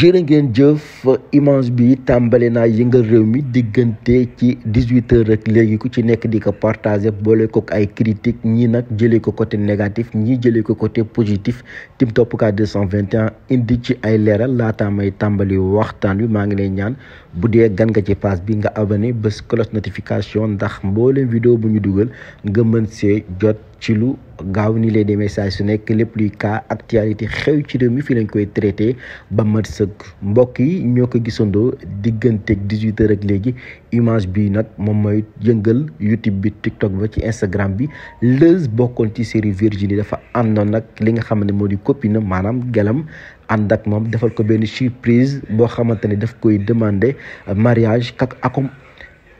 jërë ngeen jëf image bi tàmbali naa yëngal réew mi diggante ci dix-huit heures rek léegi ku ci nekk di ko partager boole ko ay critique ñi nag jëlee ko côté négatif ñi jëlee ko côté positif Tim Top Cas 221 indi ci ay leeral laataa may tàmbali waxtaan wi maa ngi lay ñaan bu dee gan nga ci page bi nga abonné bés cloche notification ndax mboolem vidéo bu ñu dugal nga mën see jot ci lu gaaw nii lay demee saa su nekk lépp luy cas actualité xew ci réew mi fii lañ koy traité ba mat sëg mbokk yi ñoo ko gisandoo diggante 18 heures ak léegi image bi nag moom mooy yëngal YouTube bi TikTok ba ci Instagram bi Leuz bokkoon ci série Virginie dafa àndoon nag li nga xam ne moo di copine maanaam gelam ànd ak moom defal ko benn surprise boo xamante ne daf koy demandé mariage ak akom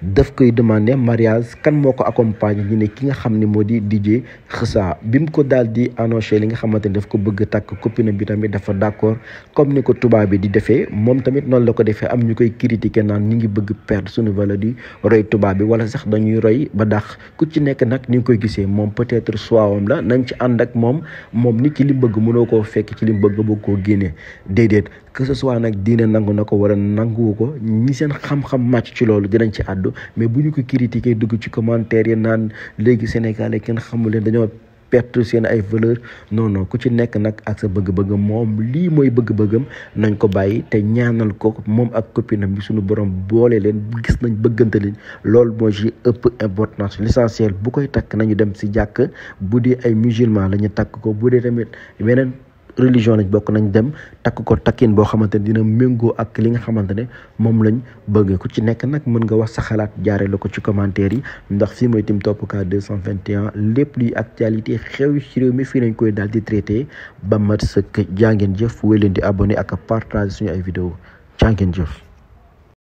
daf koy demande mariage kan moo ko accompagne ñu ne ki nga xam ne moo di DJ Xeusa bi mu ko daal di annoncé li nga xamante ne daf ko bëgg tàkk copine bi tamit dafa d'accord comme ni ko tubaab bi di defee moom tamit noonu la ko defee am ñu koy critiquer naan ñu ngi bëgg perdre suñu valeur di roy tubaab bi wala sax dañuy roy ba dax ku ci nekk nag ni nga koy gisee moom peut-être soiwam la nañ ci ànd ak moom moom nit ci li bëgg mënoo koo fekk ci li bëgg nga bëgg koo génnee déedéet que ce nag diine nangu na ko wala nanguwu ko ñi seen xam màcc ci loolu dinañ ci àddu mais bu ñu ko critiquer dugg ci commentaire yi naan léegi sénégalais kenn xamul leen dañoo perte seen ay valeur non ku ci nekk nag ak sa bëgg-bëggam moom lii mooy bëgg-bëggam nañ ko bàyyi te ñaanal ko moom ak copinam bi suñu borom boolee leen gis nañ bëggante leen loolu mooy ji ëpp importance l'essentiel bu koy takk nañu dem si jàkk bu dee ay musulman la ñu takk ko bu dee tamit weneen religion nañ bokk nañ dem takk ko takkin boo xamante ne dina méngoo ak li nga xamante ne moom lañ bëgg ko ci nekk nag mën nga wax sa xalaat jaare la ko ci commentaire yi ndax fii mooy Tim Top Cas 221 lépp luy actualité xew ci réew mi fii nañ koy daal di traité ba mat sa jaa ngeen jëf wéy leen di abonné ak partage suñu ay vidéo jaa ngeen jëf